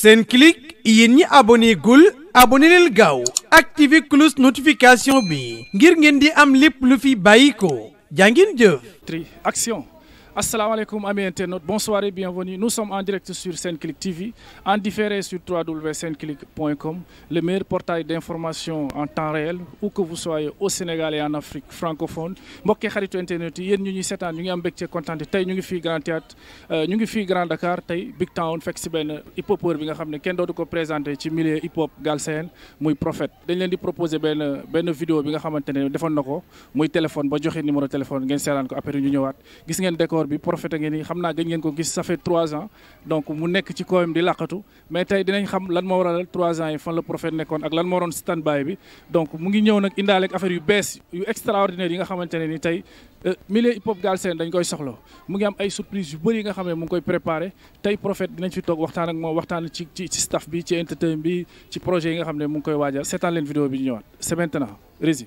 seen Senclic yéen ñi abonné gul abonné gaaw activé cloche notification bi ngir ngeen di am lépp lu fi bàyyi ko jaa ngeen jëf. tri action. Asalaamaaleykum amis internautes, bonsoir et bienvenue. Nous sommes en direct sur Senclic TV, en différé sur www.senclic.com, le meilleur portail d'information en temps réel où que vous soyez au Sénégal et en Afrique francophone. Mbokk xaritu internet yi yéen ñu ñuy seetaan ñu ngi am mbégte kontaan tey ñu ngi fii Grand Théâtre euh, ñu ngi fii Grand Dakar tey Big Town fekk si benn hip hopeur bi nga xam ne kenn dootu ko présenté ci milieu hip hop galsen muy Prophète. bi nga xamante ne defoon na ko muy téléphone joxe numéro téléphone ngeen seetaan bi profité ngeen ni xam na gëj ngeen ko gis ça fait trois ans donc mu nekk ci kawam di làqatu mais tey dinañ xam lan moo waralal trois ans yi fan la prophète nekkoon ak lan moo doon stand by bi donc mu ngi ñëw nag indaale ak affaire yu bees yu extraordinaire yi nga xamante ne ni tey euh, milieu hip hop Galsen dañ koy soxla mu ngi am ay surprise yu bëri yi nga xam ne mu ngi koy préparé tey prophète dinañ fi toog waxtaan ak moom waxtaan ci ci ci staff bi ci entertainment bi ci projet yi nga xam ne mu ngi koy waajal seetaan leen vidéo bi ñu ñëwaat c'est maintenant Rési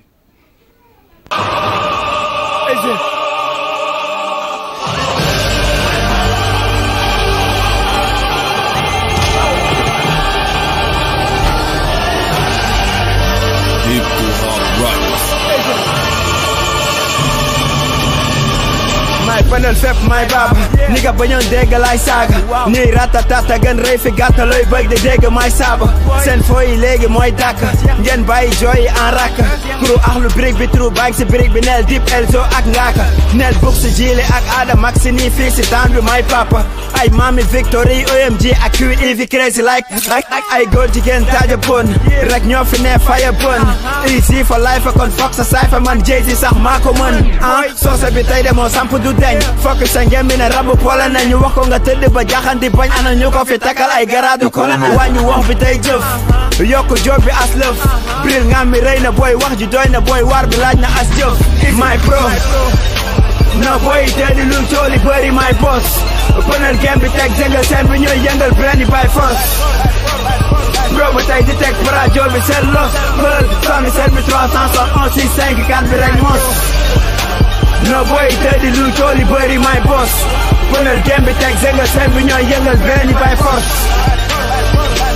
When I'll my baba ni nga bañoon dégg laay saaga nii ratatata gën rëy fi gàtta looy bëgg di dégg may saaba seen fooyi léegi mooy dàkk ngeen bàyyi jooyi en rakk kuru axlu brique bi trou bank si brique bi neel dip elzo ak ngaaka neel bug si jiili ak aada mag si nii fii si taan may papa ay maami victory omg ak kui ivi e crazy like ay góor jigéen taaja bon rek ñoo fi ne faya bon easy for life kon foog sa saay fa man jay sax maa ko mën ah soose bi tey de moo sa ngeen mi bu pole na ñu wax ko nga tëdd ba jaxanti bañ ana ñu ko fi takkal ay garaadu colonel wàññi wax bi tey jëf yokk joob bi as lëf bril ngam mi rëy na booy wax ji doy na booy waar bi laaj na as jëf my pro na booy tey di lu cooli bëri my boss pënal game bi teg jëngal seen bi ñooy yëngal brandi by force bro ba tey di teg para joob bi seen los pël sami seen bi 361 65 4 bi rek mos na booy tëddi lu cooli bëri may bos pënal dem bi teg zëngal seen bi ñooy yëngal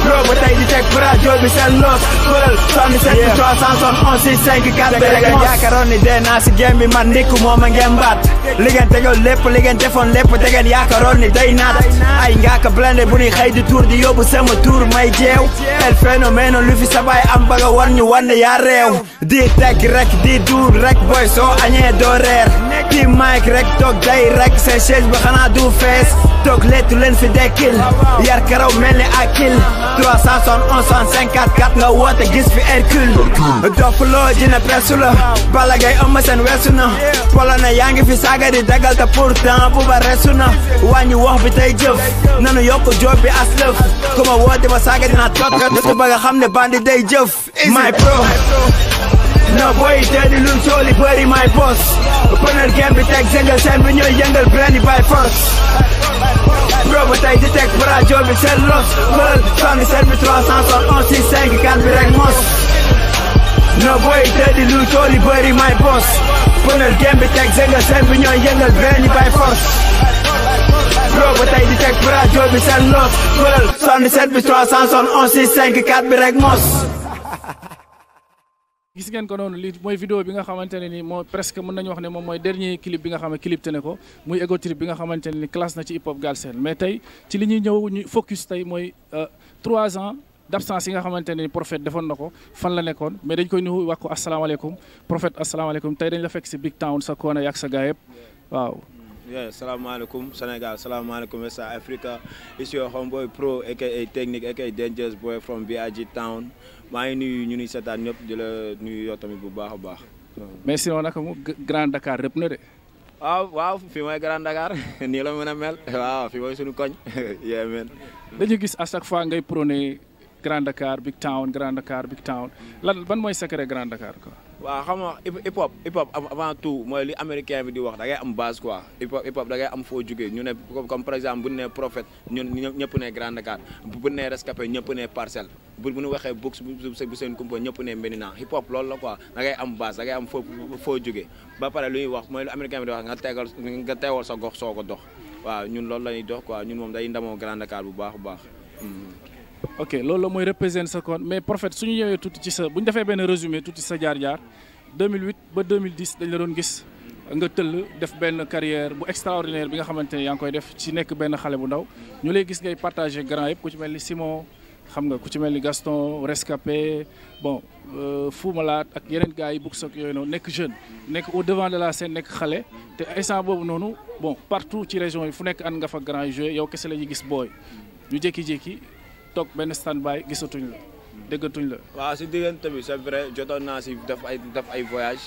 loo ba tey di teg rajo bi seen noos xoolal 77 371 65 4 rek nga yaakaaroon ni dee lépp li ngeen defoon lépp te ngeen yaakaaroon ni day naat ay ngaaka blende bu ñuy xëy di tuur di yóbbu sama tuur may jeew el phénomène lu fi sabay am ba nga war ñu wan yaa réew di teg rek di duur rek boy soo añee doo reer di mic rek toog day rek seen chaise ba xanaa du fees toog leetu leen fi dekkil yar karaw mel ni akil 371 154 nga woote gis fi Hercule doppaloo dina pressu la Balla Gaye Eumeu Sène na polone yaa ngi fi saaga di dagal te pourtant bu ba resu na wàññi wax bi tey jëf nanu yokk joob bi as lëf ku ma ba saaga dina tot nga bëgg a xam ne bandi day jëf my pro no boy te di lum sooli bëri may boss pënal game bi teg jëngal seen bi ñooy yëngal brandi by force proba tey di teg rajo bi seen los xoolal sonni seen bi 371 mos no boy te di lum sooli bëri may boss pënal game bi teg jëngal seen bi ñooy yëngal brandi by force proba tey di teg rajo bi seen los xoolal sonni seen bi 371 4 bi rek mos gis ngeen ko noonu li mooy vidéo bi nga xamante ne ni moo presque mën nañu wax ne moom mooy dernier clip bi nga te ne ko muy ego trip bi nga xamante ni classe na ci hip hop Galsen mais tey ci li ñuy ñëw ñu focus tey mooy euh, trois ans d'absence yi nga xamante ne ni prophète defoon na ko fan la nekkoon mais dañ koy nuyu wax ko asalaamaaleykum prophète asalaamaaleykum tey dañ la fekk si big town sa koona yàgg sa gaa yëpp waaw mm. Yeah, salaamaaleykum Sénégal salaamaaleykum West Africa it's your homeboy Pro aka Boy from BIG maa ngi nuyu ñu nuy seetaan ñëpp di la nuyu tamit bu baax a baax. mais sinon naka mu Grand Dakar rëpp na de. waaw waaw fii mooy Grand Dakar nii la mën a mel waaw fii mooy suñu koñ yee men gis à chaque fois ngay prôné Grand Dakar Big Town Grand Dakar Big Town la ban mooy secret Grand Dakar quoi. waaw xam nga hip hop hip hop avant tout mooy li américain bi di wax da am base quoi hip hop hip am foo jógee ñu ne comme par exemple bu ñun ñëpp ne Grand Dakar bu ñu nee rescapé ñëpp ne parcelle bu bu ñu waxee box bu seen kumpa ñëpp ne Medina hip hop loolu la quoi da am base da ngay am foo foo jógee ba pare lu wax mooy li américain bi di wax nga tegal nga teewal sa gox soo ko dox waaw ñun loolu la ñuy dox quoi ñun moom day ndamoo Grand Dakar bu baax bu baax. Hmm. ok loolu la mooy représente sa compte mais prophète su ñu ñëwee tuuti ci sa bu ñu defee benn résumé tuuti sa jaar-jaar 2008 ba 2010 dañ la doon gis nga tëll def benn carrière bu extraordinaire bi nga xamante ne yaa ngi koy def ci nekk benn xale bu ndaw ñu lay gis ngay partagé grand yëpp ku ci mel ni Simon xam nga ku ci mel ni Gaston Rescapé bon euh, Fou Malade ak yeneen gars yi bugsoog yooyu noonu nekk jeune nekk au devant de la scène nekk xale te instant boobu noonu bon partout ci région yi fu nekk ànd nga fa grand yow kese la ñuy gis booy ñu jékki-jékki. toog benn stand by gisatuñ la déggatuñ la. waa si diggante bi c'est vrai jotoon naa si def ay def voyage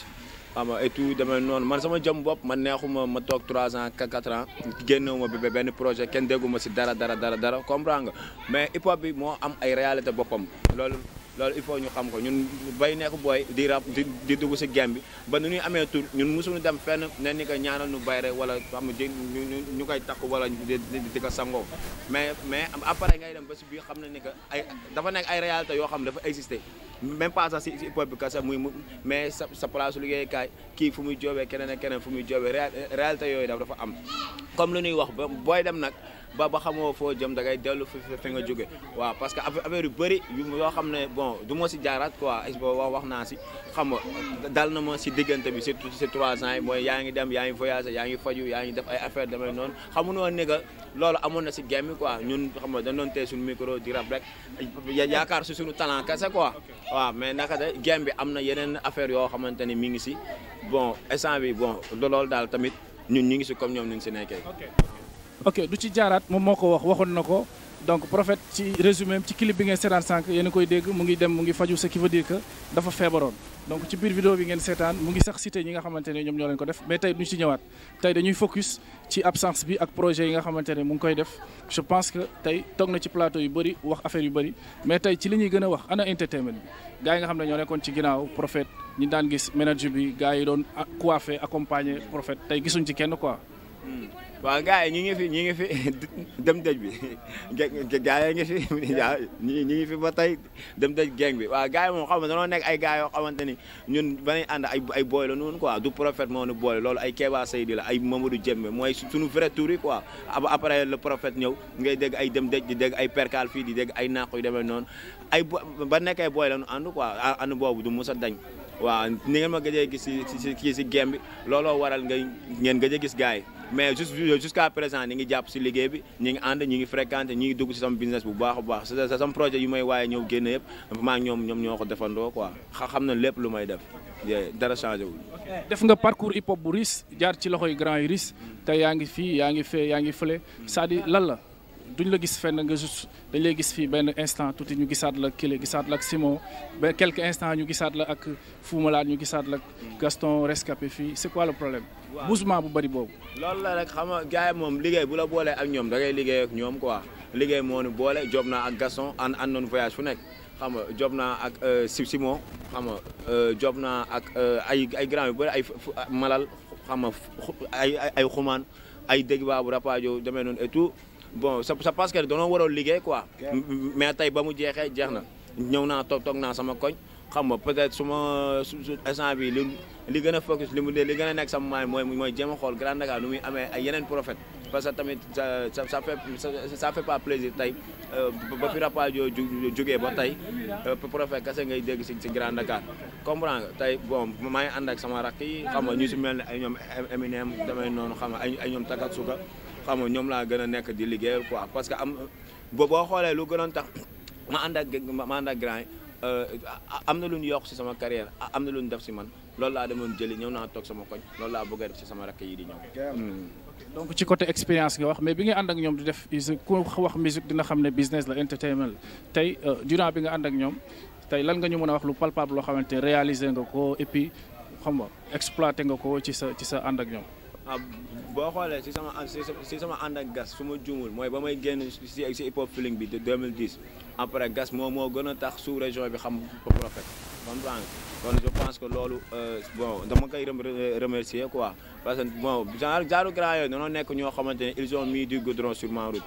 xam nga et tout demee noonu man sama jëm bopp ma neexuma ma toog 3 ans 4 ans génnewuma bi benn projet kenn dégguma si dara dara dara dara comprendre nga mais hip bi moo am ay réalité boppam loolu. loolu il faut ñu xam ko ñun bay nekk booy di rap di dugg si game bi ba nu ñuy amee tur ñun mosuñu dem fenn ne ni ko ñaanal ñu bay rek wala xam ñu koy takk wala di ko sangoo mais mais après ngay dem ba si biir xam ne ni que dafa nekk ay réalité yoo xam ne dafa existe même pas sax si hip hop bi kese muy mais sa sa place liggéeykaay kii fu muy joobee keneen ak keneen fu muy joobee réalité yooyu dafa am comme lu ñuy wax ba booy dem nag ba ba xamoo foo jëm da ngay dellu fi fi nga jóge waaw parce que affaire yu bëri yoo xam ne bon du ma si jaaraat quoi is bo wax wax naa si xam nga dal na ma si diggante bi surtout si trois ans yi mooy yaa ngi dem yaa ngi voyagé yaa ngi faju yaa ngi def ay affaire noon noonu xamunoo ne que loolu amoon na si gémmi quoi ñun xam nga dañ doon tey suñu micro di rab rek yaakaar si su talent kese quoi waaw mais naka de gém am na yeneen affaire yoo xamante ni mi ngi si bon instant bi bon loolu daal ñun ñu ngi si comme ñoom ñu ngi si nekkee ok du ci jaaraat moom moo ko wax waxoon na ko donc prophète ci résumé ci clip bi ngeen seetaan sànq yéen a koy dégg mu ngi dem mu ngi faju ce qui veut dafa feebaroon donc ci biir vidéo bi ngeen seetaan mu ngi sax cité ñi nga xamante ne ñoom ñoo leen ko def mais tey duñ ci ñëwaat tey dañuy focus ci absence bi ak projet yi nga xamante ne mu ngi koy def je pense que tey tog na ci plateau yu bëri wax affaire yu bëri mais tey ci li ñuy gën wax ana entertainment bi gars yi nga xam ñoo nekkoon ci ginnaaw prophète ñi daan gis manager bi gars yi doon coiffé accompagner prophète tey gisuñ ci kenn quoi hmm. waaw gars yi ñu ngi fi ñu ngi fi dem dëj bi gars yi ngi fi waaw ñu ngi fi ba tey dem dëj geng bi waaw gars yi moom xam nga danoo nekk ay gars yoo xamante ni ñun banañ ànd ay ay booy la noonu quoi du prophète moo nu boole loolu ay Kéba Seydi la ay Mamadou Jemme mooy suñu sunu tour yi quoi après le prophète ñëw ngay dégg ay dem dëj di dégg ay perkal fii di dégg ay naaq yu demee noonu ay ba nekkee booy la nu ànd quoi ànd boobu du mos a dañ waaw ni ngeen ma gëjee gis si si kii si gem bi looloo waral nga ngeen gëj gis gars yi mais jusqu'à présent ñi ngi jàpp si liggéey bi ñi ngi ànd ñi ngi fréquenté ñi ngi dugg si sama business bu baax a baax sa sama projet yu may waaye ñëw génn yëpp maa ñoom ñoom ñoo ko defandoo quoi xam na lépp lu may def dara changé wul. def nga parcours hip hop bu ris jaar ci loxoy grand yi riche te yaa ngi fii yaa ngi fee yaa ngi fële c'est-à-dire lan la duñ la gis fenn nga juste dañ lay gis fii benn instant tuuti ñu gisaat la Kélé gisaat la ak Simon ba quelques instants ñu gisaat la ak Fou Malade ñu gisaat la ak Gaston Rescapé fii c'est problème. bousement bu bari boobu loolu la rek xam nga gars moom liggéey bu la boolee ak ñoom da ngay liggéey ak ñoom quoi liggéey moo nu boole job na ak Gaston an an noonu voyage fu nekk xam nga job naa ak euh, si Simon xam nga euh, job naa ak euh, ay ay grand yu bëri ay malal xam nga ay ay xumaan ay dégg baabu rapajo demee noonu et tout bon sa parce que danoo waroon liggéey quoi mais tey ba mu jeexee jeex na ñëw naa toog toog naa sama koñ xam nga peut-être su ma su instant bi li li gën a focus li mu li gën a nekk sama maay mooy jem jéem a xool Grand Dakar nu amee ay yeneen profet parce que tamit ça ça ça fait ça fait pas plaisir tey euh, ba fi Rapadio jógee ba tey euh, prophète kase ngay dégg si si Grand Dakar comprendre nga tey bon maa ànd ak sama rakk yi xam nga ñu si mel ne ay ñoom Eminem damay noonu xam nga ay ay ñoom Takatsuka xam nga ñoom laa gën a nekk di liggéeyal quoi parce que am boo boo xoolee lu gënoon tax ma ànd ak ma ànd ak grand Euh, am na lu ñu yokk si sama carrière am na lu ñu def si man loolu laa demoon jëli ñëw naa toog sama koñ loolu laa bëgg a def si sama rakk yi di ñëw. Hmm. donc ci côté expérience nga wax mais bi nga ànd ak ñoom di def ku wax musique dina xam ne business la entertainment la tey euh, durant bi nga ànd ak ñoom tey lan nga ñu mën a wax lu palpable loo xamante ne réaliser nga ko et puis xam nga exploité nga ko ci sa ci sa ànd ak ñoom. ah boo xoolee si sama si sama ànd ak gas su ma juumul mooy ba may génn si si hip hop feeling bi de après gas moom moo gën a tax sous région bi xam ko prophète comprendre kon je pense que loolu euh, bon dama koy remercier quoi parce que bon genre genre grand yooyu dañoo nekk ñoo xamante ne ils ont mis du goudron sur ma route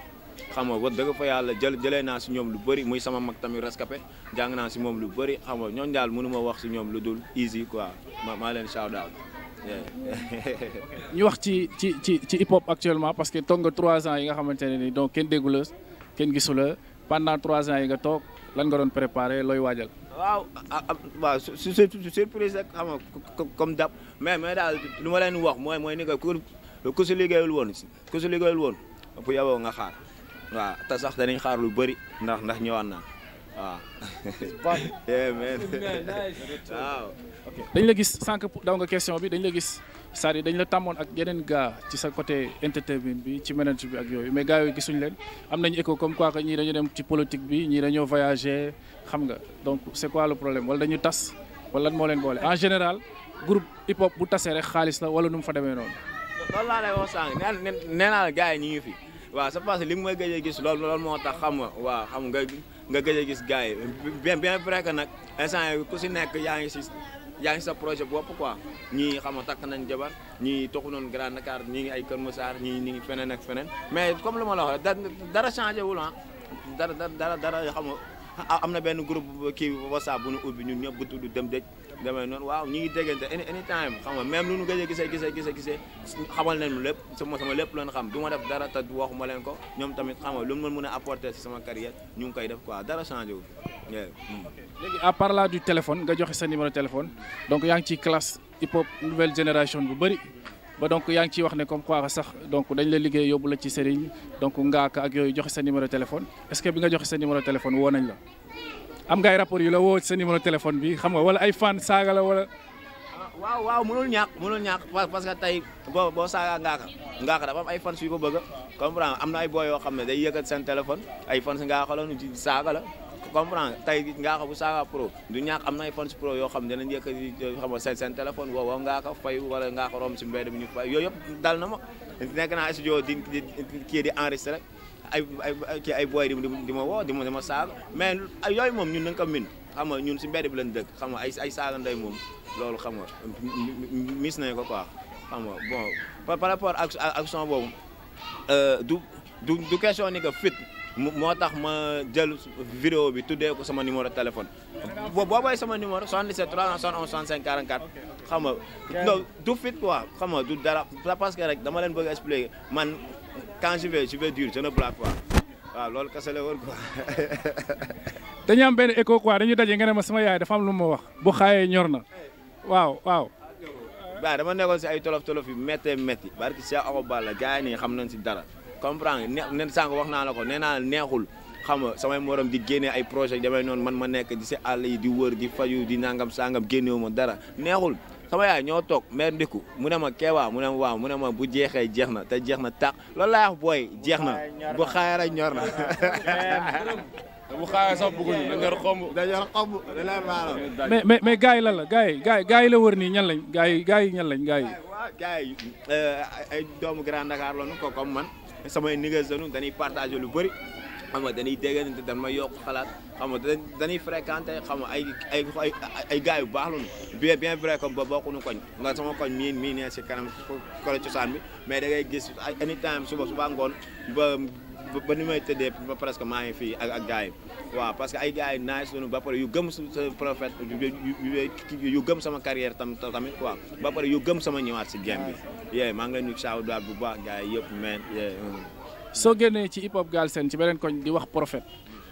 xam nga wax dëgg fa yàlla jël jëlee naa si ñoom lu bëri muy sama mag tamit rescapé jàng naa si moom lu bëri xam nga ñoom daal mënu ma wax si ñoom lu dul easy quoi ma maa leen shout out ñu wax ci ci ci hip hop actuellement parce que toog nga trois ans yi nga xamante ne ni donc kenn déggu la kenn gisu pendant trois ans yi nga toog lan nga doon préparé looy waajal. waaw ah, ah, waaw su surprise rek xam nga comme dab mais mais daal lu ma leen wax mooy mooy ni que ku si liggéeyul woon ku si liggéeyul woon bu yaboo nga xaar waaw te sax danañ xaar lu bëri ndax ndax ñëwaat naa waaw. waaw. ok dañ la gis sànq daw nga question bi dañu la gis c'est-à-dire dañ la tàmmoon ak yeneen gars ci sa côté entertainment bi ci management bi ak yooyu mais gars yooyu gisuñu leen am nañu écho comme quoi que ñii dañu dem ci politique bi ñii dañoo voyager xam nga donc c'est quoi le problème wala dañu tas wala lan moo leen boole en général groupe hip hop bu tasee rek xaalis la wala nu mu fa demee noonu. loolu laa lay wax sànq nee naa gars yi ñu ngi fi waaw sa parce que li ma gëj a gis loolu loolu moo tax xam nga waaw xam nga nga gëj a gis gars yi bien bien vrai que nag instant ku si nekk yaa ngi si. yaa ngi sa projet bopp quoi ñii xam nga takk nañ jabar ñii toxu noonu Grand Dakar ñii ngi ay Kër Massar ñii ñi ngi feneen ak feneen mais comme lu ma la wax dara changé wul ah dara dara dara xam nga am na benn groupe kii WhatsApp bu ñu ubbi ñun ñëpp bu tudd dem dëj demee noonu waaw ñu ngi déggante any any time xam nga même lu nu gëj a gisee gisee gisee gisee xamal nañu lépp sama loon xam du ma def dara waxuma leen ko ñoom tamit xam nga lu mu mën a apporter si sama carrière ñu ngi koy def ko dara changé wu hmm. léegi du téléphone nga joxe sa numéro téléphone donc yaa ngi ci classe hip hop nouvelle génération bu bëri ba donc yaa ngi ciy wax ne comme quoi sax donc dañ la liggéey yóbbu la ci sëriñ donc ngaaka ak yooyu joxe sa numéro téléphone est-ce que bi nga joxe sa numéro téléphone woo nañ la am nga ay rapport yu la woo ci sa numéro téléphone bi xam nga wala ay fan saaga la wala. waaw waaw mënul ñàkk mënul ñàkk parce que tey boo boo saaga ngaaka ngaaka dafa am ay fans yu ko bëgg comprendre am na ay boo yoo xam ne day yëkkat seen téléphone ay fans ngaaka la nu ci saaga la comprendre tey ngaaka bu saaga pro du ñàkk am na ay fans pro yoo xam ne danañ yëkkat xam nga seen seen téléphone woo woo ngaaka fay wala ngaaka rom si mbedd mi ñu fay yooyu yëpp dal na ma nekk naa studio di kii di enregistré ay ay ay booy di di ma woo di ma dama saaga mais yooyu moom ñun nañ ko min xam ñun si mbedd bi lañ dëkk xam nga ay ay saaga ndey moom loolu xam nga mis nañ ko quoi xam nga bon par rapport ak action boobu euh, du du du question ni que fit moo tax ma jël vidéo bi tuddee ko sama numéro téléphone boo booy sama numéro 77 371 65 44 xam nga non du fit quoi xam nga du dara parce rek dama leen bëgg expliquer man quand je be je vais dire je ne blague pas waaw loolu kese la woon quoi. dañu am benn écho quoi dañu daje nga ma sama yaay dafa am lu ma wax. bu xaayee ñor na waaw waaw. waaw dama nekkoon si ay tolof tolof yu méttee métti. barki Cheikh Awa Balla gars yi nii xam nañ si dara. comprendre nga ne sànq wax naa la ko nee naa neexul xam nga samay morom di génne ay projet demee noonu man ma nekk di si àll yi di wër di di nangam sangam génnewu ma dara neexul. sama yaay ñoo toog mère ndiku mu ma kee waaw mu ne ma waaw mu ne bu jeexee jeex na te jeex na tàq loolu laa wax jeex na bu xaayara ñor na bu xaayee sax bëgguñu dañu yor xomb dañu yor xomb mais mais mais gars yi lan la gars yi gars yi la wër nii ñan lañ gars yi gars yi ñan lañ gars yi. Ah, waaw euh, ay doomu Grand Dakar samay négociations dañuy partagé lu bëri. xam nga dañuy déggante dañ ma yokk xalaat xam nga dañuy fréquenté xam nga ay ay ay gars yu baax lañu bien bien vrai que ba bokkuñu koñ nga sama koñ mii mii nee si kanam kole cosaan bi mais da ngay gis any time suba suba ngoon ba ba ni may tëddee ba presque maa ngi fii ak ak gars yi waaw parce que ay gars yi naaj suñu ba pare yu gëm sa prophète yu gëm sama carrière tam tamit quoi ba pare yu gëm sama ñëwaat si game bi yéey maa nga leen ñu saaw daal bu baax gars yi yëpp mais mm. soo génnee ci hip hop Galsen ci beneen koñ di wax prophète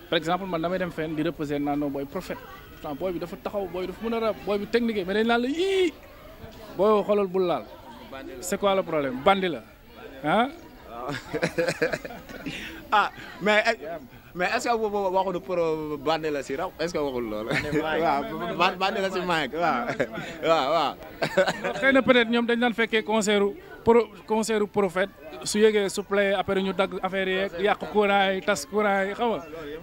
par exemple man damay dem fenn di reposer naan non booy prophète pourtant booy bi dafa taxaw booy dafa mën a rab booy bi technique mais dañ naan la yii booy xoolal bul laal c'est quoi le problème bandi la ah. ah mais. Eh, mais est ce que boobu waxul pro bande la si raw est ce que waxul loolu. waaw bande la si maag waaw waaw waaw. xëy na peut être ñoom dañ daan fekkee concert pro concert prophète su yëgee su plaît après ñu dagg affaire yeeg yàq courant yi tas courant yi xam nga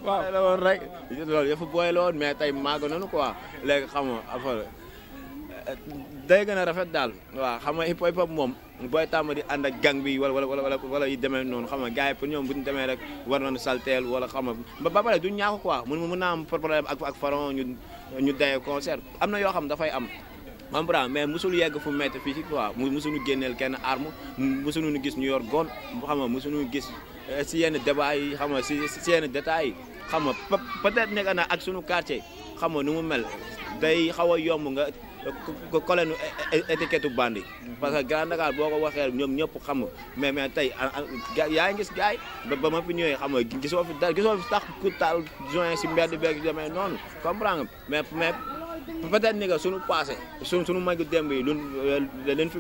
waaw. loolu la woon rek loolu yëpp booy la woon mais tey màgg nañu quoi léegi xam nga affaire. day gën rafet daal waaw xam nga hip hop moom booy tàmm di ànd ak gang bi wala wala wala wala yu demee noonu xam nga gars yi pour ñoom bu ñu demee rek war nañu salteel wala xam nga ba pare du ñaaku quoi mun mun naa am problème ak ak faron ñu ñu dayee am na yoo xam dafay am comprend mais mosul yegg fu métti fii ci quoi mosuñu génneel kenn arme nu gis ñu yor goon xam nga mosuñu gis eh, si yenn débat yi xam nga si si yenn détails yi xam nga peut-être nekk na ak suñu quartier xam nga nu mu mel day xaw a yomb nga ko collé nu étiquette bandi parce que Grand Dakar boo ko waxee ñoom ñëpp xam mais mais tey ah, ah, yaa ngi gis gaay ba ma fi ñëwee xam nga gisoo fi dara gisoo fi tax ku taal joint si mbedd beeg demee noonu comprendre nga mais mais peut-être ni que suñu passé suñ suñu magu démb yi luñ euh, leen fi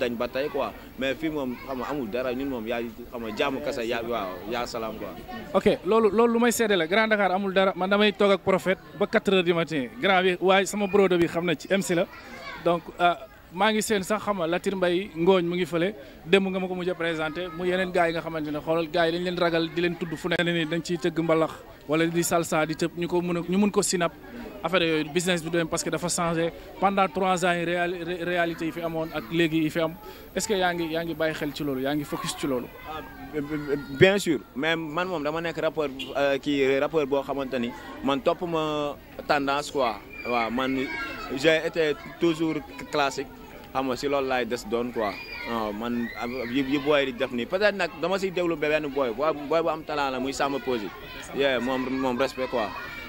dañ ba tey quoi mais fi moom xam amul dara ñun moom yaay xam nga jaamu kese yaa waaw yaa salaam quoi. ok loolu lu may seede la Grand Dakar amul dara man damay toog ak prophète ba 4 heures du matin grand bi waaye sama brodo bi xam na ci MC la donc. Euh, maa ngi seen sax xam nga Latir Mbaye ngooñ mu ngi fële démb nga ma ko mujj a présenté mu yeneen gars yi nga xamante ne xoolal gars leen ragal di leen tudd fu ne. dañ ciy tëgg mbalax wala ko mën a affaire yooyu business bi dem parce que dafa changé pendant trois ans yi réalité yi fi amoon ak léegi yi fi est-ce que yaa ngi yaa ngi bàyyi xel ci loolu yaa ngi focus ci loolu. Ah, bien sûr mais man moom dama nekk rapport euh, kii rappeur boo xamante ni man topp ma tendance quoi waaw man j'ai été toujours classique xam nga si loolu laay des doon quoi. waaw man yi yi booy di def nii peut-être nag dama siy déglu benn booy booy bu am talent la muy Samba Posi. moom moom respect quoi.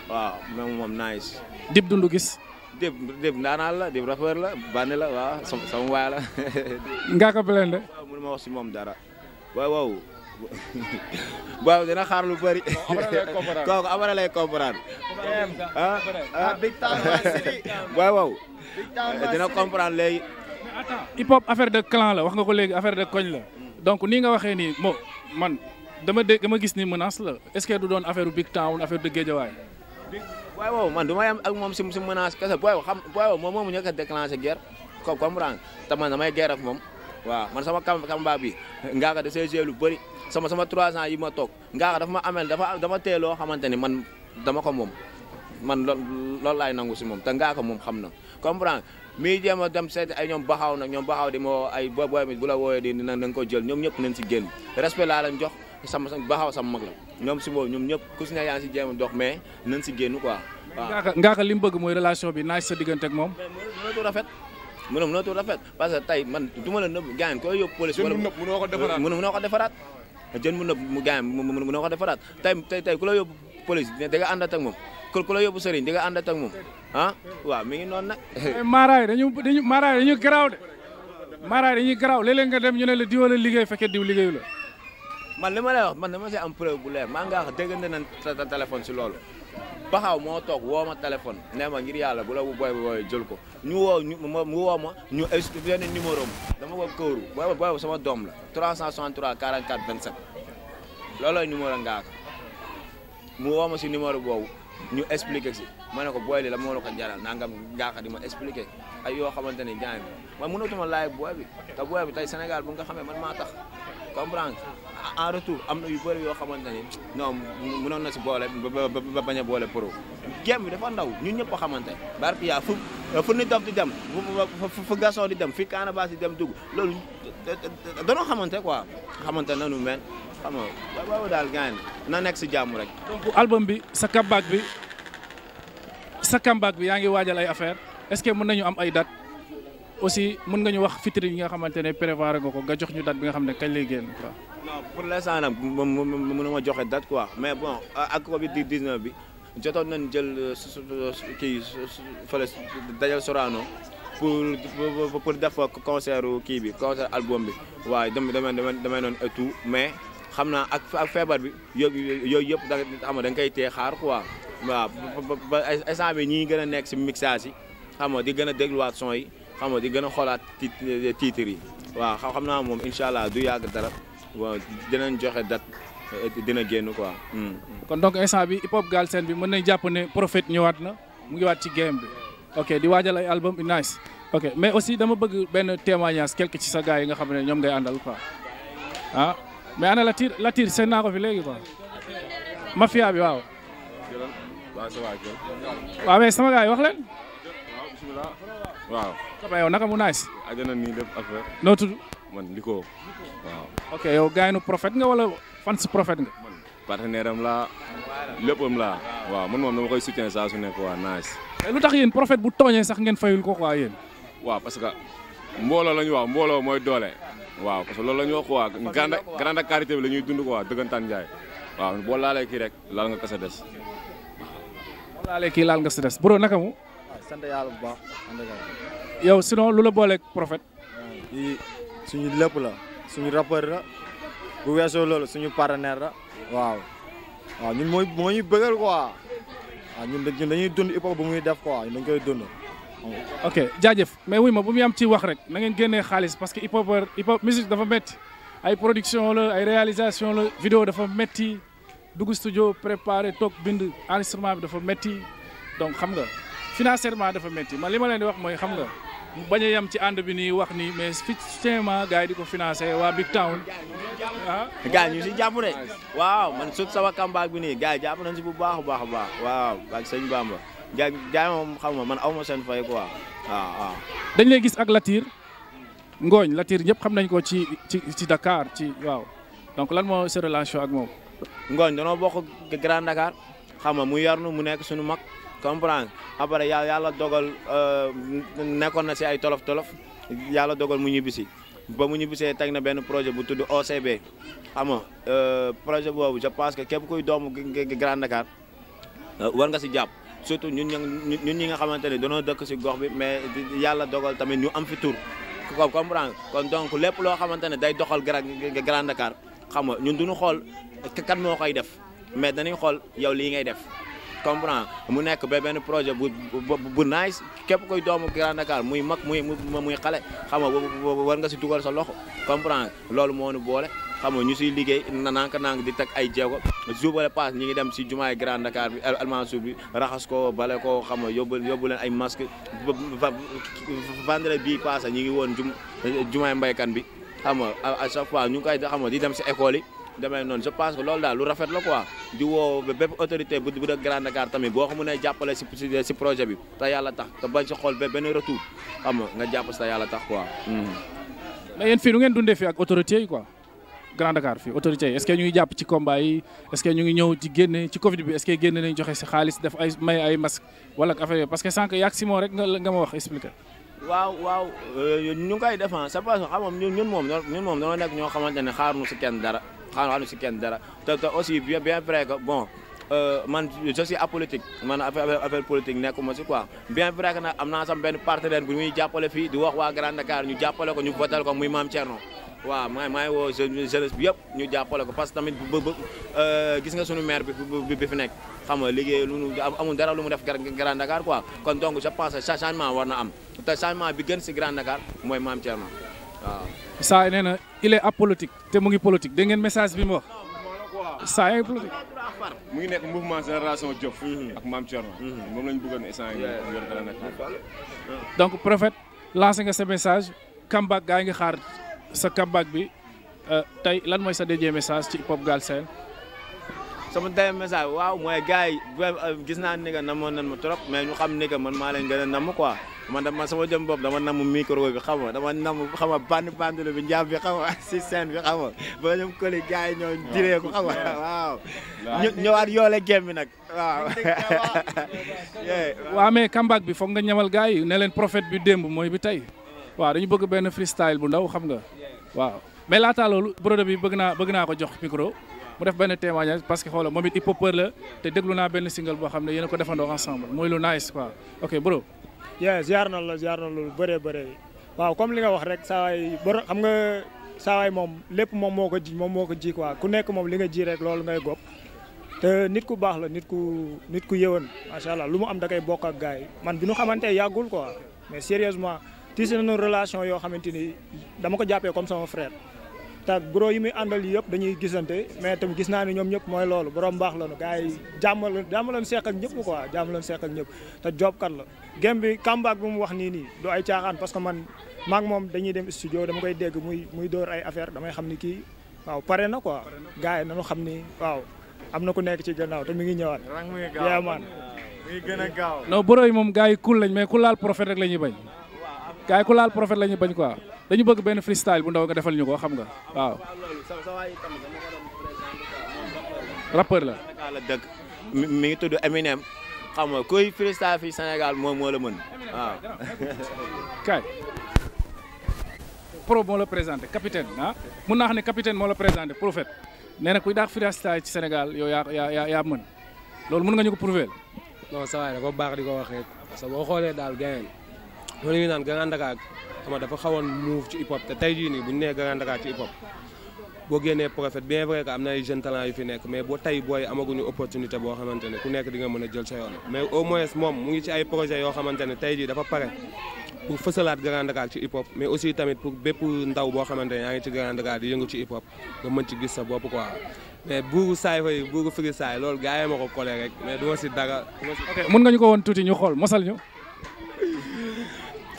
waaw moom moom nice. Dip Doundou gis Dip Dip ndaanaan la Dip rappeur la bànni la waaw sama waay la. ngaa ko blende. waaw ma wax si moom dara waaw waaw. waaw xaar lu bari kooku amara lay comprendre. Ah, ah ah waaw waaw. dina comprendre léegi. hip hop affaire de clan la wax nga ko léegi affaire de koñ la. donc nii nga waxee nii mo man dama dégg dama gis ni menace la est du doon affaire big town affaire de Guédiawaye. booy boobu man du ma yem ak moom si si menace kese booy xam booy boobu moom moomu ñëkk a déclenché guerre ko comprendre te man damay guerre ak moom waaw man sama kam kamba bi ngaa ko da see lu bëri sama sama trois ans yi ma toog ngaa ko dafa ma amel dafa dama tee loo xamante ni man dama ko moom man loolu loolu laay nangu si moom te ngaa ko moom xam na comprendre mii jéem a dem seeti ay ñoom baxaw nag ñoom baxaw di moo ay booy booy mi bu la wooyee di na nga ko jël ñoom ñëpp nañ si génn respect laa lañ jox sama bu baax a sama mag la ñoom si boobu ñoom ñëpp ku si ne yaa si jéem a dox mais si génn quoi. waaw Ngaaka Ngaaka li mu bëgg mooy naaj sa diggante ak moom. mënatu rafet mënoo mënatu rafet parce que tey man du la nëbb gaañ koy ko defaraat mënoo ko defaraat. jën mu nëbb mu gaañ ku la yóbbu police da nga àndat ak moom. kon ku la yóbbu sëriñ di nga ànd moom ah waaw mi ngi noonu nag. maaraay dañu dañu garaaw de maaraay dañuy garaaw léeg nga dem ñu ne la diwa la man li ma lay wax man si am preuve bu leer maa nga a déggante nañ sa téléphone si loolu baxaw moo toog woo ma téléphone nee ma ngir yàlla bu la bu booy booy jël ko ñu woo ñu ma mu woo ma ñu expliqué benn numéro dama ko këwru booy booy sama doom la 363 44 27 loolooy numéro ngaaka mu woo ma si numéro boobu ñu expliqué si ma ne ko booy li la moo la ko jaral nangam ngaax di ma expliqué ay yoo xamante ni gaañ man mënatuma laaj booy bi te booy bi tey Sénégal bu nga xamee man maa tax comprendre en retour am na yu bëri yoo xamante ni non mënoon na si boole ba bañ a boole pro gem bi dafa ndaw ñun ñëpp a xamante barki yaa fu fu di dem fu gason di dem fi Canabasse di dem dugg loolu danoo xamante quoi xamante nanu meen xam nga boobu daal gaan na nekk si jàmm rek donc album bi sa comeback bi sa comeback bi yaa ngi waajal ay affaire est-ce que mën nañu am ay date aussi mën nga ñu wax fitri yi nga xamante ne prévoir nga ko nga jox ñu date bi nga xam ne kañ lay génn quoi. non pour l'instant nag moom mënuma joxe date quoi mais bon ak Covid 19 bi jotoon nañ jël euh, su kii fële dajal Sorano pour pour def concert kii bi concert album bi waaye damay damay damay noonu et tout mais xam naa ak ak feebar bi yooyu yooyu yëpp da xam da nga koy tee xaar quoi waaw ba instant bi ñi gën a nekk si mixage yi xam nga di gën a dégluwaat son yi. xam nga di gën a xoolaat titre yi waaw xam naa moom incha allah du yàgg dara waaw dinañ joxe date dina génn quoi. Hmm. kon donc instant bi hip hop Galsen bi mën nañ jàpp ne Prophète ñëwaat na mu ngi waat ci game bi ok di waajal ay album bi nice ok mais aussi dama bëgg benn témoignage quelque ci sa gars yi nga xam ne ñoom ngay àndal quoi ah mais ana Latir Latir seen naa ko fi léegi quoi mafia bi waaw. waaw mais sama gars wax leen. Kaba yow naka mu nice. ajana nii lépp affaire. noo tudd. man Liko waaw. ok yow gars yi prophète nga wala fans prophète nga. man partenaire am laa léppam laa. waaw man moom dama koy soutien saa su nekk waa nice. Eh, lu tax yéen prophète bu tooñee sax ngeen fayul ko quoi yéen. waaw parce que mbooloo la ñu wax mbooloo mooy doole. waaw parce que loolu la ñu wax quoi. grande grande carité bi la ñuy dund quoi dëggantaan Ndiaye. waaw boo laalee kii rek laal nga kasa des. boo laalee kii laal nga sa des bro naka mu. sant yàlla bu baax ànd ak yow sinon lu la booleeg prophète. waaw suñu lépp la suñu rappeur la bu weesoo loolu suñu partenaire ra waaw waaw ñun mooy moo ñuy bëggal quoi waaw ñun dañuy dund hip hop bu muy def quoi dañ koy dund. ok jaajëf mais wuy ma bu mu am ci wax rek na ngeen génnee xaalis parce que hip hop hip hop musique dafa métti ay production la ay réalisation la video dafa métti dugg studio préparé toog bind enregistrement bi dafa métti donc xam nga. financièrement dafa metti man li ma leen di wax mooy xam nga bañ a yem ci ànd bi nii wax nii mais fi finalement gars yi di ko financé waa Big Town ah. gars ñu si jàpp de. waaw man sut sama kambaak bi nii gars yi jàpp nañu si bu baax a baax a baax waaw ak sëñ Bamba gars gars moom xam nga man aw ma seen fay quoi waaw waaw. dañ lay gis ak Latir Ngooñ Latir ñëpp xam nañ ko ci ci ci Dakar ci waaw donc lan moo sa relation ak moom. Ngooñ danoo bokk Grand Dakar xam nga mu yarnu mu nekk suñu mag. comprendre après yàlla yàlla dogal euh, nekkoon na si ay tolof tolof yàlla dogal mu ñibbisi ba mu ñibbisee teg na benn projet bu tudd OCB xam nga euh, projet boobu je pense que képp kuy doomu Grand Dakar euh, war nga si jàpp surtout ñun ñun ñi nga xamante ne dañoo dëkk si gox bi mais yàlla dogal tamit ñu am fi tur ko comprendre kon donc lépp loo xamante ne day doxal Grand Dakar xam nga ñun duñu xool kan moo def mais dañuy xool yow lii ngay def comprend mu nekk ba benn projet bu bu nice képp koy doomu Grand Dakar muy mag muy muy xale xam nga war nga si dugal sa loxo comprend loolu moo ñu boole xam ñu siy liggéey nank nank di teg ay jéego jubale paas ñi ngi dem si jumaay Grand Dakar bi Almansour bi raxas ko bale ko xam nga yóbbu yóbbu leen ay masque vendredi bii paas ñi ngi woon jum jumaay mbaykan bi xam nga à chaque fois ñu ngi koy xam nga di dem si école yi demee noonu je pense que loolu daal lu rafet la quoi di woo bépp autorité bu bu Grand Dakar tamit boo ko mënee jàppale si si projet bi te yàlla tax te bañ si xool ba benn retour xam nga jàpp si te yàlla tax quoi. Hmm. yi quoi Grand Dakar fii autorité ci combat yi est ce que ñëw ci génne ci Covid bi est ce que génne nañ joxe si xaalis def ay may ay masque wala affaire yooyu parce que sànq yaag Simon rek nga ma wax expliqué. waaw waaw euh, ñu ngi koy défense ah, que xam ñun moom ñun moom nekk ñoo xamante ne xaaruñu si kenn dara. xaaral si kenn dara te te aussi bien bien bon euh, man je suis apolitique man affaire affaire politique nekkuma si quoi bien vrai que nag am naa sam benn partenaire bu ñuy jàppale fii di wax waa Grand Dakar ñu jàppale ko ñu votal ko muy Mame Thierno waaw maa maa ngi woo jeunesse bi yëpp ñu jàppale ko parce que tamit bu euh, gis nga sunu maire bi bi fi nekk xam nga liggéey lu amul dara lu mu def Grand Dakar quoi kon donc je pense que changement war na am te changement bi gën si Grand Dakar mooy Mame Thierno waaw. saa nee na il est apolitique te mu ngi politique dégg ngeen message bi mu wax. saa yaa ngi politique. mu ngi nekk mouvement génération Diop. ak maam moom lañ bëggoon instant yii yor dana nekk. donc prophète lancé nga sa message comeback gaa ngi xaar sa comeback bi euh, tey lan mooy sa dernier message ci hip hop Galsen sama dernier message waaw mooy gars yi euh, gis naa ni que namoon nañ ma trop mais ñu xam ni que man maa leen gën a nam quoi man dama sama jëm bopp dama namm micro bi xam nga dama namm xam nga band bandulu bi njaam bi xam nga si scène bi xam nga ba ñoom këli gars yi ñoo diree ko xam nga waaw ñu ñëwaat yoole gem bi nag waaw waaw mais bi foog nga ñamal gars yi ne leen prophète bi démb mooy bi tey waa dañu bëgg benn freestyle bu ndaw xam nga waaw mais laataa loolu brodo bi bëgg naa bëgg naa ko jox micro mu def benn témoignage parce que xoola moom it hip-hopeur la te déglu naa benn single boo xam ne yéen a ko defandoo ensemble mooy lu nice quoi ok bro. yes ziar na la ziar na lu bëree bëri waaw comme li nga wax rek saa waay bor xam nga moom lépp moom moo ko ji moom moo ko ji quoi ku nekk moom li nga ji rek loolu ngay góob te nit ku baax la nit ku nit ku yëwan macha allah lu mu am da koy bokk a gars man bi ñu xamante yàggul quoi mais sérieusement tiis nañu relation yoo xamante ni dama ko jàppee comme sama frère. te gros yi muy àndal yëpp dañuy gisante mais tam gis naa ne ñoom ñëpp mooy loolu borom baax la nu gars yi jàmmaloon jàmmaloon seq ak ñëpp quoi jàmmaloon seq ak ñëpp te jobkat la. gem bi kàmbaak bu mu wax nii nii du ay caaxaan parce que man maak moom dañuy dem studio dama koy dégg muy muy dóor ay affaire damay xam ni kii waaw pare na quoi gars na nañu xam ni waaw am na ku nekk ci gannaaw te mi ngi ñëwaat. yaa man mi ngi gën a gaaw. non borom yi moom gars yi cool lañ mais ku laal prophète la ñuy bañ. gars ku laal prophète la ñuy bañ quoi dañu bëgg benn freestyle bu ndaw nga defal ñu ko xam nga waaw. rappeur la. mi ngi tudd Eminem xam nga kuy freestyle fii Sénégal moom moo la mën waaw. kay. pro moo la présenté capitaine ah mun naa xam ne capitaine moo la présenté prophète nee na kuy daax freestyle ci Sénégal yow yaa mën loolu mën nga ñu ko prouver. non ça va dafa baax di ko wax rek boo xoolee daal gaynde loolu ñu naan Grand Dakar xam dafa xawoon move ci hip hop te tey jii nii bu ñu nee Grand Dakar ci hip hop boo génnee prophète bien vrai que am na ay jeunes yu fi nekk mais boo tey booy amaguñu opportunité boo xamante ne ku nekk di nga mën a jël sa yoon mais au moins mu ngi ci ay projet yoo xamante ne jii dafa pare pour fësalaat Grand Dakar ci hip aussi tamit pour bépp ndaw boo xamante ne yaa ngi ci Grand Dakar di yëngu ci hip hop nga mën ci gis sa bopp quoi mais buuru saay fay buuru firi saay loolu gars yi ma ko collé rek mais du si dara. ok mën nga ñu ko woon tuuti ñu xool mosal ñu.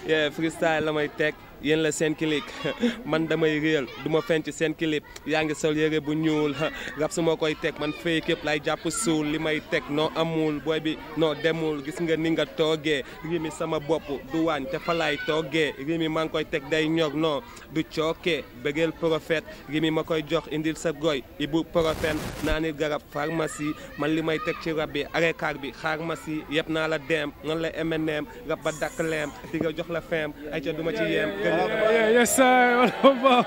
yeah freestyle la may teg yéen la seen clip man damay réel du ma fenc seen clip yaa ngi sol yére bu ñuul rab su ma koy teg man fay képp lay jàpp suul li may teg noo amul booy bi noo demul gis nga ni nga toogee rimi sama bopp du waañ te fa laay toogee rimi maa ngi koy teg day ñor noo du cookee bëggeel prophète mi ma koy jox indil sa goy ibu prophète naa ni garab pharmacie man li may teg ci rab bi arekaar bi pharmacie yëpp naa la dem nan la MNM rab ba dakk leem di nga jox la fem ay ca ci Yesaay wala baax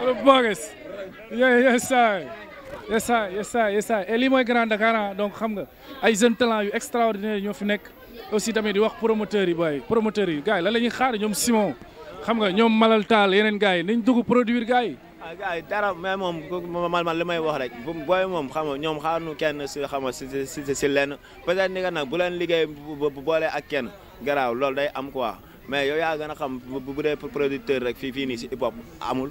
wala baax yesaay yesaay yesaay yesaay et mooy Grand Dakar ah. donc xam nga ay jeunes talents yu extraordinaire ñoo fi nekk aussi tamit di wax promoteurs yi baay promoteurs yi gars yi lan la ñuy xaar ñoom Simon xam nga ñoom Malal Taal yeneen gars yi nañ dugg produire gars yi. ah gars yi dara mais moom man man li may wax rek bu booy moom xam nga ñoom xaar nu kenn si xam nga si si lenn peut-être ni que nag bu leen liggéey bu boole ak kenn garaaw loolu day am quoi. mais yow yaa gën a xam bu dee producteur rek fii fii nii si hip hop amul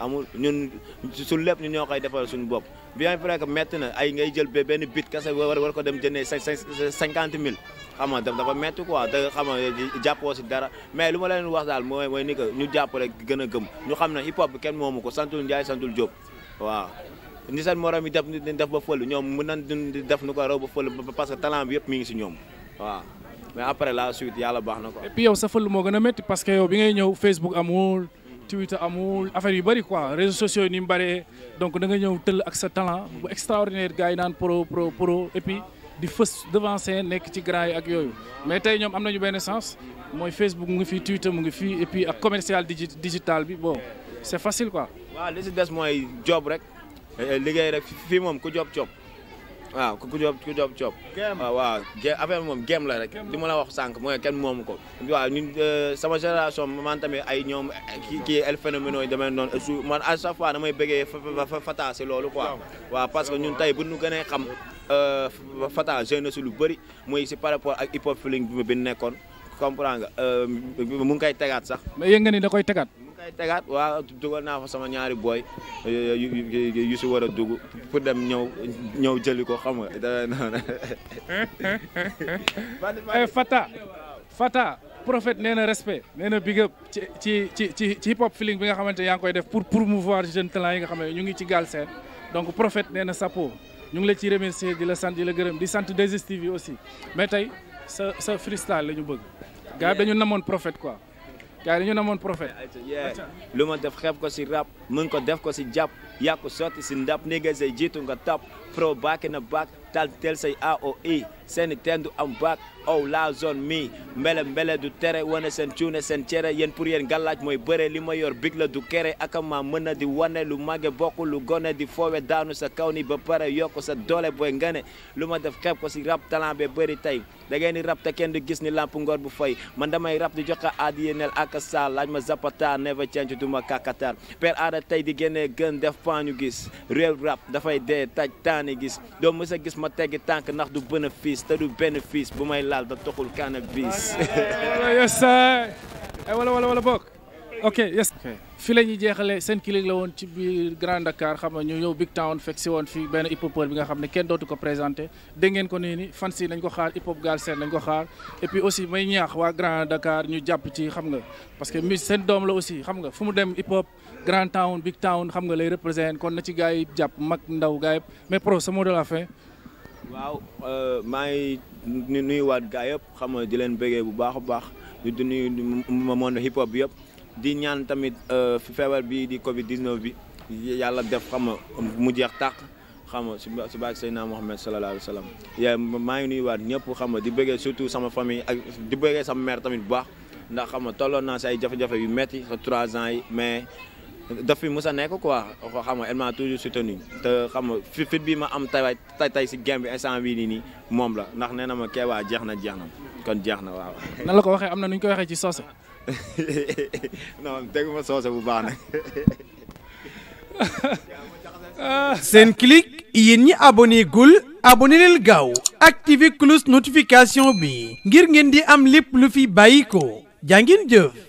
amul ñun suñ lépp ñun ñoo koy defal suñu bopp bien vrai que na ay ngay jël ba benn bit kese war war ko dem jëndee cinquante mille xam nga dafa métti quoi te xam nga jàppoo si dara mais lu ma leen wax daal mooy mooy ni que ñu jàpp rek gën a gëm ñu xam ne hip hop kenn moomu ko santul Ndiaye santul Diop waaw ni seen morom yi def def ba fël ñoom mën nañ def nu ko raw ba fël parce que talent bi yëpp mi ngi si ñoom waaw mais après la suite yàlla baax na quoi. et puis yow sa fël moo gën a métti parce que yow bi ngay ñëw Facebook amul. Twitter amul affaire yu bëri quoi réseaux sociaux ni mu bëree donc da nga ñëw tëll ak sa talent bu extraordinaire gars yi naan pro pro pro di fës devancer nekk ci grand yi ak yooyu mais tey ñoom am na ñu benn sens mooy Facebook mu ngi fii Twitter mu ngi fii et puis ak commercial digital bi bon c'est facile quoi. waaw li si des mooy job rek liggéey rek fii moom ku job job. waaw ku joob ku joob coob ah, waaw waaw moom gem la rek di ma la wax sànq mooy kenn moomu ko waaw ñun euh, sama génération man tamit ay ñoom kii el phénomène yi demee noonu su man à chaque fois damay Fata si loolu ko waaw parce que ñun tey bu ñu ganee xam euh, Fata jeune si lu bëri mooy si par rapport ak hip hop feeling bi nekkoon comprendre nga euh, mu koy tegaat sax mais yéen nga ni da koy tegaat lay tegaat waaw dugal naa fa sama ñaari booy yu si war a dugg pour dem ñëw ñëw jëli ko xam nga da noonu eh, Fata Fata prophète nee na respect nee na big up ci ci ci ci ci hip hop feeling bi nga xamante yaa ngi koy def pour promouvoir jeune talent yi xam ne ñu ngi ci Galsen donc prophète nee na Sapo ñu ngi la ci remercier di la sant di la gërëm di sant 2STV yi aussi mais tey sa sa freestyle bëgg gars dañu namoon prophète quoi gaa yi na moon prophète lu ma def xeeb ko si rap mën ko def ko si jàpp yàqu sotti si ndap ni nga say jiitu nga tap pro back na back tal tel say AOI e, seen i teen du am baak ow la zone mi mbele mbele du tere wane seen cuune seen cere yéen pour yéen gàllaaj mooy bëre li ma yor big la du kere ak akama mën na di wane lu màgge bokk lu gone di foowe daanu sa kaw ni ba pare yokk sa dole booy ngane lu ma def xeeb ko si rap talent be bëri tey da ngeen di rap te kenn du gis ni lamp ngor bu fay man damay rap di joxe aadiye nel ak sa laaj ma zapata never change duma ma kakatar père aada tey di génnee gën def pan ñu gis réew rap dafay dee taj a ma teggi tànk ndax du bénéfice te du bénéfice bu may laal da toxul cannabis. yes eh, wala wala wala boog ok yes. fi la ñuy jeexalee seen clinique la woon ci biir Grand Dakar xam nga ñu ñëw Big Town fekk si woon fi benn hip hopeur bi nga xam ne kenn dootu ko présenté dégg ko nii ni fan si nañ ko xaar hip hop Galsen nañ ko xaar et puis aussi may ñaax waa Grand Dakar ñu jàpp ci xam nga parce que mi seen doom la aussi xam nga fu mu dem hip hop Grand Town Big Town xam nga lay représenté kon na ci gars yi jàpp mag ndaw gars yi waaw euh, maa ngi nuyuwaat gaa yëpp xam nga di leen bëggee bu baax a baax di nuyu monde hip hop yëpp di ñaan tamit euh, feebar bi di Covid 19 bi yàlla def xam nga mu jeex tàq xam nga si baag Seydina Mohamed sallallahu alayhi wa sallam yaa maa ngi nuyuwaat ñëpp xam nga di bëggee surtout sama famille ak di bëggee sama mère tamit bu baax ndax xam nga tolloon naa si ay jafe-jafe yu metti sa trois ans yi mais. daf fi mos a nekk quoi xam nga elle m'a toujours soutenu te xam nga fi fit bi ma am tay tay tay si game bi instant bii nii nii moom la ndax nee na ma kee jeex na jeex na kon jeex na waaw. nan la ko waxee am na nu koy waxee ci soose. non déggu ma soose bu baax nag. seen clic yéen ñi abonné gul abonné leen gaaw activé cloche notification bi ngir ngeen di am lépp lu fi bàyyi ko jàngin jëf.